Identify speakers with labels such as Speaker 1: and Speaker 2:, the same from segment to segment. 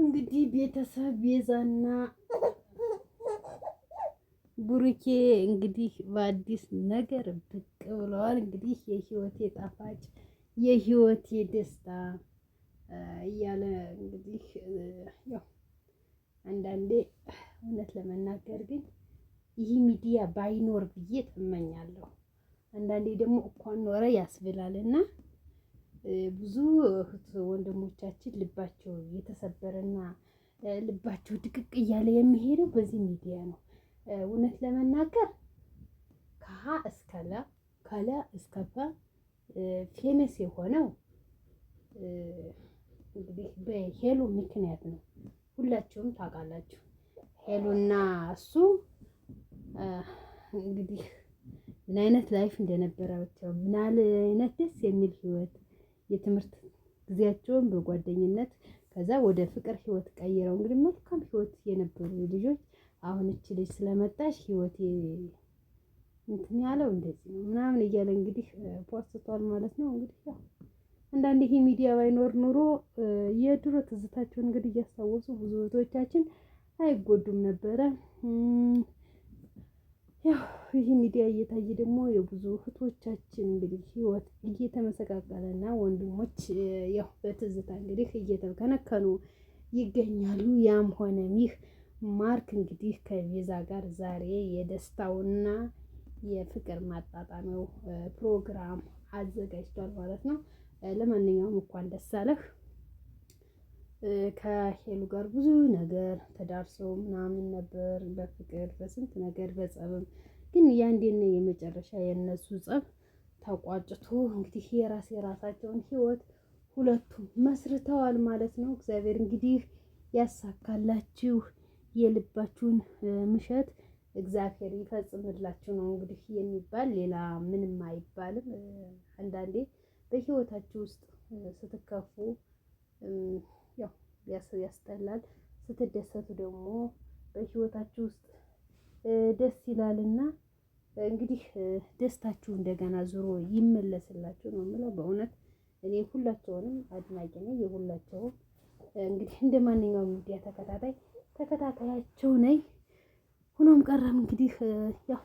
Speaker 1: እንግዲህ ቤተሰብ ቤዛና ቡሩኬ እንግዲህ በአዲስ ነገር ብቅ ብለዋል። እንግዲህ የህይወቴ ጣፋጭ የህይወቴ ደስታ እያለ እንግዲህ ያው አንዳንዴ እውነት ለመናገር ግን ይህ ሚዲያ ባይኖር ብዬ ተመኛለሁ። አንዳንዴ ደግሞ እኳን ኖረ ያስብላልና ብዙ እህት ወንድሞቻችን ልባቸው ና ልባቸው ድቅቅ እያለ የሚሄደው በዚህ ሚዲያ ነው። እውነት ለመናገር ከሀ እስከ ለ ከለ እስከ ፐ ፌመስ የሆነው እንግዲህ በሄሉ ምክንያት ነው። ሁላችሁም ታውቃላችሁ። ሄሉና እሱ እንግዲህ ምን አይነት ላይፍ እንደነበራቸው ምን አይነት ደስ የሚል ህይወት የትምህርት ጊዜያቸውን በጓደኝነት ከዛ ወደ ፍቅር ህይወት ቀይረው እንግዲህ መልካም ህይወት የነበሩ ልጆች አሁን እች ልጅ ስለመጣሽ ህይወት እንትን ያለው እንደዚህ ነው ምናምን እያለ እንግዲህ ፖስቷል ማለት ነው። እንግዲህ ያው አንዳንድ ይሄ ሚዲያ ባይኖር ኑሮ የድሮ ትዝታቸውን እንግዲህ እያስታወሱ ብዙ እህቶቻችን አይጎዱም ነበረ። ያው ይህ ሚዲያ እየታየ ደግሞ የብዙ እህቶቻችን እንግዲህ ህይወት እና ወንድሞች ያው በትዝታ እንግዲህ እየተከነከኑ ይገኛሉ። ያም ሆነ ይህ ማርክ እንግዲህ ከቤዛ ጋር ዛሬ የደስታውና የፍቅር ማጣጣሚያው ፕሮግራም አዘጋጅቷል ማለት ነው። ለማንኛውም እንኳን ደስ አለህ። ከሄሉ ጋር ብዙ ነገር ተዳርሰው ምናምን ነበር በፍቅር በስንት ነገር በጸብም ግን ያንዴና የመጨረሻ የነሱ ጸብ ተቋጭቶ እንግዲህ የራስ የራሳቸውን ህይወት ሁለቱም መስርተዋል ማለት ነው። እግዚአብሔር እንግዲህ ያሳካላችሁ የልባችሁን ምሸት እግዚአብሔር ይፈጽምላችሁ ነው እንግዲህ የሚባል ሌላ ምንም አይባልም። አንዳንዴ በህይወታችሁ ውስጥ ስትከፉ ያስጠላል። ስትደሰቱ ደግሞ በህይወታችሁ ውስጥ ደስ ይላልና እንግዲህ ደስታችሁ እንደገና ዙሮ ይመለስላችሁ ነው የምለው። በእውነት እኔ ሁላቸውንም አድናቂ ነኝ። የሁላቸውም እንግዲህ እንደ ማንኛውም ሚዲያ ተከታታይ ተከታታያቸው ነኝ። ሆኖም ቀረም እንግዲህ ያው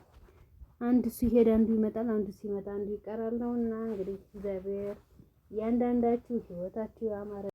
Speaker 1: አንዱ ሲሄድ አንዱ ይመጣል፣ አንዱ ሲመጣ አንዱ ይቀራል ነውና እንግዲህ እግዚአብሔር ያንዳንዳችሁ ህይወታችሁ ያማረ